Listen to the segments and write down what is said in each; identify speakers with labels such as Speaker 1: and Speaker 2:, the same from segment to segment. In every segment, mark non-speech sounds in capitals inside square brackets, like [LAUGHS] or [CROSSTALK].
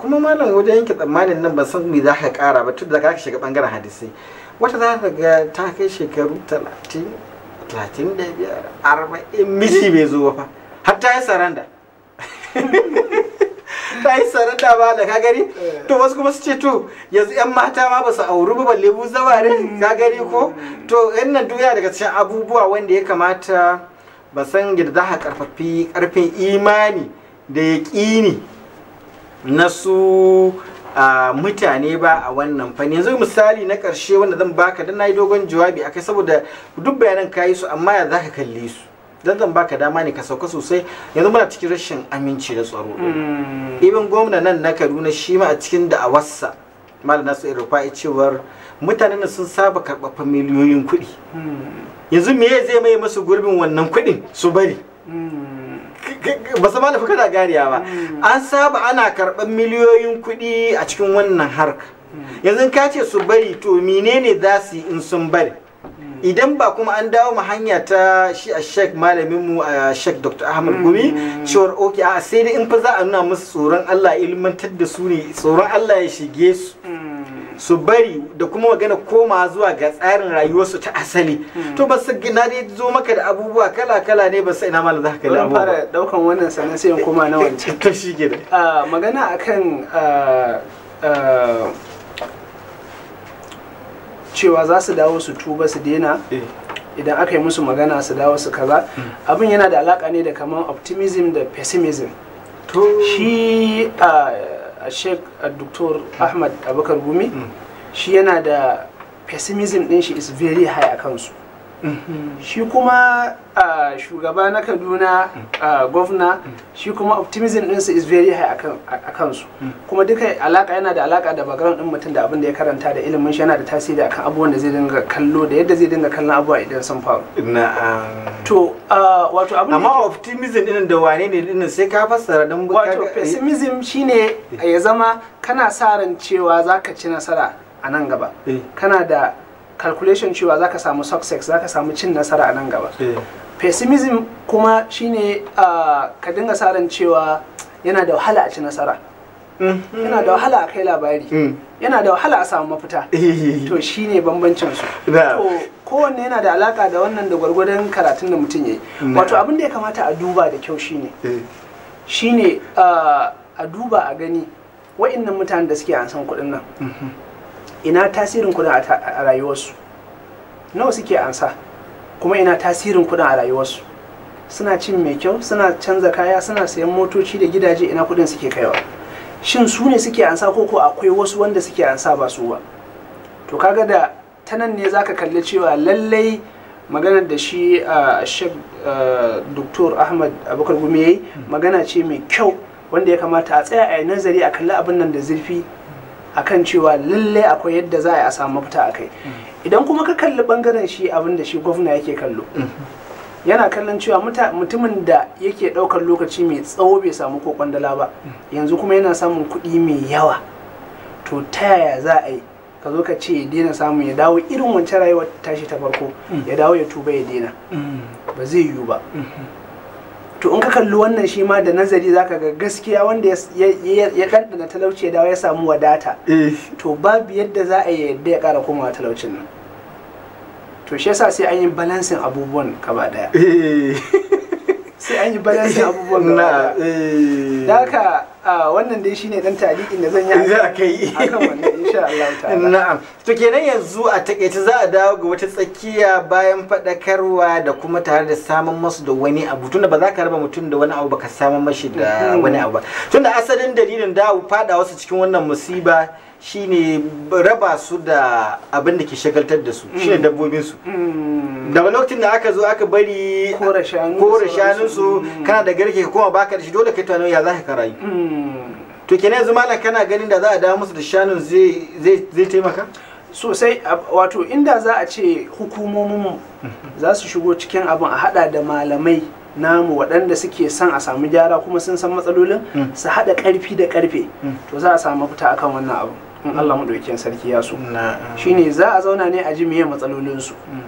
Speaker 1: kuma malam wajen yanke tsammanin nan ban san me za ka kara ba tun da ka shiga bangaren hadisai wata za ka ga ta kai shekaru talatin talatin da biyar miji bai zo ba fa har ta yi saranda [LAUGHS] ta yi saranda ba da ka gani eh. to wasu kuma su ce to yanzu yan mata ma ba su auri ba balle bu zaware ka gani ko mm. to yan nan duniya daga cikin abubuwa wanda ya kamata ba san yadda za ka karfafi karfin imani da yaƙini na su mutane ba a wannan fanni yanzu misali na ƙarshe wanda zan baka dan nayi dogon jawabi akai saboda duk bayanan kayi su amma ya zaka kalle su dan zan baka dama ne ka sauka sosai yanzu muna cikin rashin aminci da tsaro ibin mm. gwamna nan na Kaduna shi ma a cikin da awassa malam nasu irfa'i cewar mutanen sun saba fa miliyoyin kuɗi mm. yanzu me zai mai masu gurbin wannan kuɗin su bari mm. ba su manufa da gariya ba hmm. an saba ana karɓar miliyoyin kuɗi a cikin wannan harka hmm. yanzu ka ce su bari to menene za su yi in sun bari hmm. idan ba kuma an dawo ma hanya ta shi a shek malamin mu a shek dr ahmad gumi cewar ok a sai dai in fa za a nuna musu tsoron allah ilmantar da su ne tsoron allah ya shige su su bari da kuma magana koma zuwa ga tsarin rayuwarsu ta asali hmm. to ba su gina dai zo maka da abubuwa kala kala ne ba su ina malam za ka da fara
Speaker 2: daukan wannan sannan sai in koma na [LAUGHS]
Speaker 1: ah, magana akan
Speaker 2: ah, ah, cewa za su dawo su tuba su daina eh. idan aka yi musu magana su dawo su kaza hmm. abin yana da alaka ne da kamar optimism da pessimism to shi sheik dr ahmad abakar gumi mm. shi yana da pessimism din shi is very high a kansu shi kuma shugaba na kaduna governor shi kuma optimism ɗinsa is very high a kansu kuma duka alaka yana da alaka da bagaran din mutum da abin da ya karanta da ilimin shi yana da tasiri akan abubuwan da zai dinga kallo da yadda zai dinga kallon abubuwa idan sun faru
Speaker 1: to wato abin amma optimism din da wane ne din sai ka fassara don wato pessimism shine ya
Speaker 2: zama kana sa ran cewa zaka ci nasara a nan gaba eh. kana da calculation cewa za ka samu success za ka samu cin nasara a nan gaba eh. pessimism kuma shine ah, ka dinga ran cewa yana da wahala a ci nasara mm-hmm. yana da wahala a kai labari mm. yana da wahala a samu mafita eh. to shine bambancin su to kowanne yana da alaka da wannan da gwargwadon karatun da mutum ya yi wato abin da ya kamata a duba da kyau shine eh. shine ah, a duba a gani wa'annan mutanen da suke an san kuɗin nan mm-hmm. ina tasirin kuɗin a rayuwarsu nawa suke ansa kuma ina tasirin kuɗin a rayuwarsu suna cin mai kyau suna canza kaya suna sayan motoci da gidaje ina kuɗin suke kaiwa shin su ne suke ansa ko ko akwai wasu wanda suke ansa ba su ba to kaga da ta nan ne zaka kalli cewa lallai maganar da shi a shek doktor ahmad abubakar gumi yayi hmm. magana ce mai kyau wanda ya kamata a tsaya a yi nazari a kalli abin nan da zurfi akan cewa lallai akwai yadda za a samu mafita a kai idan kuma ka kalli bangaren shi abin da shi gwamna yake kallo yana kallon cewa mutumin da yake daukar lokaci mai tsawo bai samu ko kwandala ba yanzu kuma yana samun kuɗi mai yawa to ta yaya za a yi ka zo ka ce ya daina samun ya dawo irin wancan rayuwar tashi ta farko ya dawo ya tuba ya daina ba zai yiwu ba to in ka kalli wannan shi ma da nazari zaka ga gaskiya wanda ya ɗanɗana talauci ya dawo ya samu wadata eh. to babu yadda za a yadda ya ƙara komawa talaucin nan to shi yasa sai an yi balansin abubuwan gaba daya
Speaker 1: eh. [LAUGHS] sai an yi balansin [LAUGHS] abubuwan gaba daya eh. da
Speaker 2: Ah, wannan dai shine dan tarihin
Speaker 1: da zan yi za a kai insha Allah na'am to kenan yanzu a takaice za a dawo ga wata tsakiya bayan fadakarwa da kuma tare da samun masu da wani abu tunda ba za ka raba mutum da wani abu ba ka samun mashi da hmm. wani abu ba tunda asalin dalilin da fada wasu cikin wannan musiba shine raba su da abin da ke shagaltar da su mm. shine dabbobin su
Speaker 2: mm.
Speaker 1: da lokacin da aka zo aka bari kore shanun su mm. kana da garke ka koma baka da shi dole kai tunanin ya za ka to kenan yanzu malam kana ganin da za a dawo musu da shanun zai taimaka sosai wato inda
Speaker 2: za a ce hukumomin [LAUGHS] za su shigo cikin abin a hada da malamai namu waɗanda suke son a samu gyara kuma sun san matsalolin su haɗa ƙarfi da ƙarfe to za a samu fita akan wannan abu in Allah madaukakin sarki ya so ah. shine za a zauna ne a ji meye matsalolin su hmm.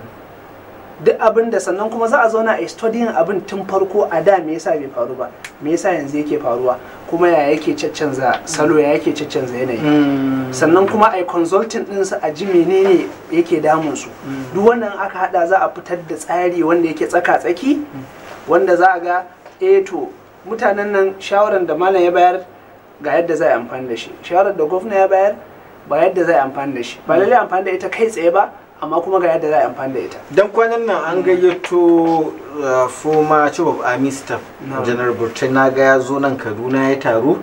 Speaker 2: duk abin da sannan kuma za a zauna a studying abin tun farko a da me yasa bai faru ba me yasa yanzu yake faruwa kuma ya yake caccanza salo ya yake caccanza yanayi hmm. sannan kuma a consulting din su a ji menene yake damun su hmm. duk wannan aka hada za a fitar da tsari wanda yake tsaka tsaki wanda za a ga eh to mutanen nan shawaran da malam ya bayar ga yadda zai amfani da shi shawarar da gwamna ya bayar ba yadda zai amfani da shi ba lalle amfani da ita kai tsaye ba amma kuma ga yadda zai amfani da ita
Speaker 1: dan kwanan nan an gayyato uh, foma chief of army staff general burtai na ga ya zo nan kaduna ya taru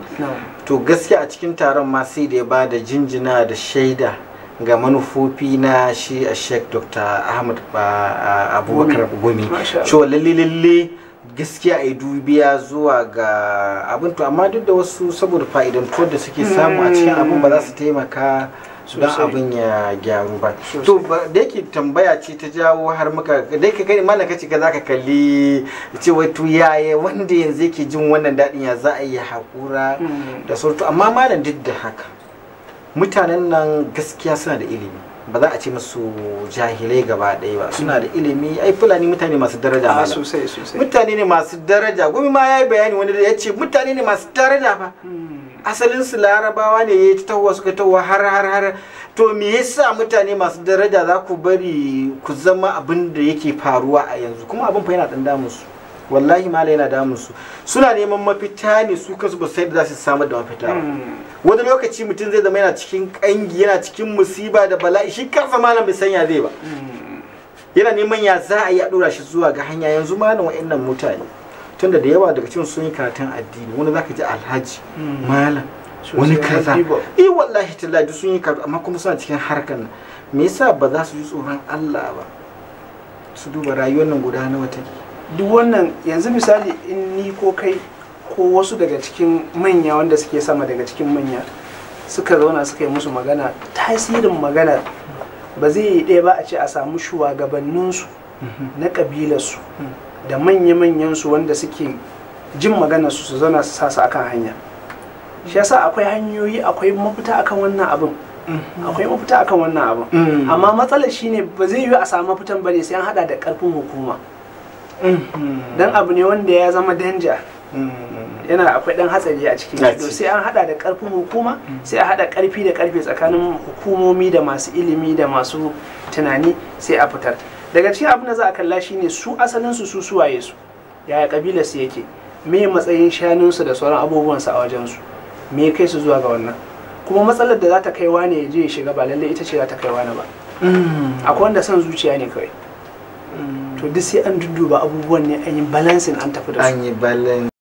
Speaker 1: to gaskiya a cikin taron ma sai da ya ba da jinjina da shaida ga manufofi na shi a sheik dr ahmad uh, uh, abubakar gumi cewa lalle lalle gaskiya a dubiya zuwa ga abin to amma duk da wasu saboda fa'idantuwar da suke samu a cikin abin ba za su taimaka don abin ya gyaru ba to da yake tambaya ce ta jawo har muka da yake kai malaka ce ka zaka kalli ce wai to yaye wanda yanzu yake jin wannan dadin ya za a yi hakura mm. da sautu amma malam duk da haka mutanen nan gaskiya suna da ilimi ba za a ce musu jahilai gaba ɗaya ba suna da ilimi ai fulani mutane masu daraja ba ah, sosai sosai mutane ne masu daraja gumi ma yayi bayani wani da yace mutane ne masu daraja ba hmm. asalin su larabawa ne ya tawwa suka tawwa har har har to me yasa mutane masu daraja za ku bari ku zama abin da yake faruwa a yanzu kuma abin fa yana dan damun su wallahi ma yana damun su suna neman mafita ne su kansu ba su yadda za su samar da mafita ba hmm. wani lokaci mutum zai zama yana cikin kangi yana cikin musiba da bala'i shi kansa malam bai sanya zai ba hmm. yana neman ya za a yi a dora shi zuwa ga hanya yanzu malam wa'annan mutane tunda da yawa daga cikin sun yi karatun addini wani zaka ji alhaji hmm. malam wani kaza i eh, wallahi tallahi sun yi karatu amma kuma suna cikin harkar nan me yasa ba za su ji tsoron Allah ba su duba rayuwar nan guda na watanni. duk wannan yanzu misali
Speaker 2: in ni ko kai ko wasu daga cikin manya wanda suke sama daga cikin manya suka zauna suka yi musu magana tasirin magana ba zai yi ɗaya ba a ce a samu shugabanninsu mhm. na ƙabilarsu da manya-manyansu wanda suke jin magana su su zauna su sasa akan hanya shi yasa akwai hanyoyi akwai mafita akan wannan abin mhm. akwai mafita akan wannan abin mm. amma matsalar shine ba zai yi a samu mafitan ne sai an hada da karfin hukuma dan abu ne wanda ya zama danja yana akwai dan hatsari a cikin to sai an hada da karfin hukuma sai a hada karfi da karfe tsakanin hukumomi da masu ilimi da masu tunani sai a fitar daga cikin abin da za a kalla shine su asalin su su suwaye su yaya kabilar su yake me matsayin shanun su da sauran abubuwan su a wajen su me kai su zuwa ga wannan kuma matsalar da za ta kai ne ya je ya shiga ba lallai ita ce za ta kai ne ba mm. akwai wanda son zuciya ne kawai mm. to duk sai an dudduba abubuwan ne an yi balansin an tafi da su an yi balancing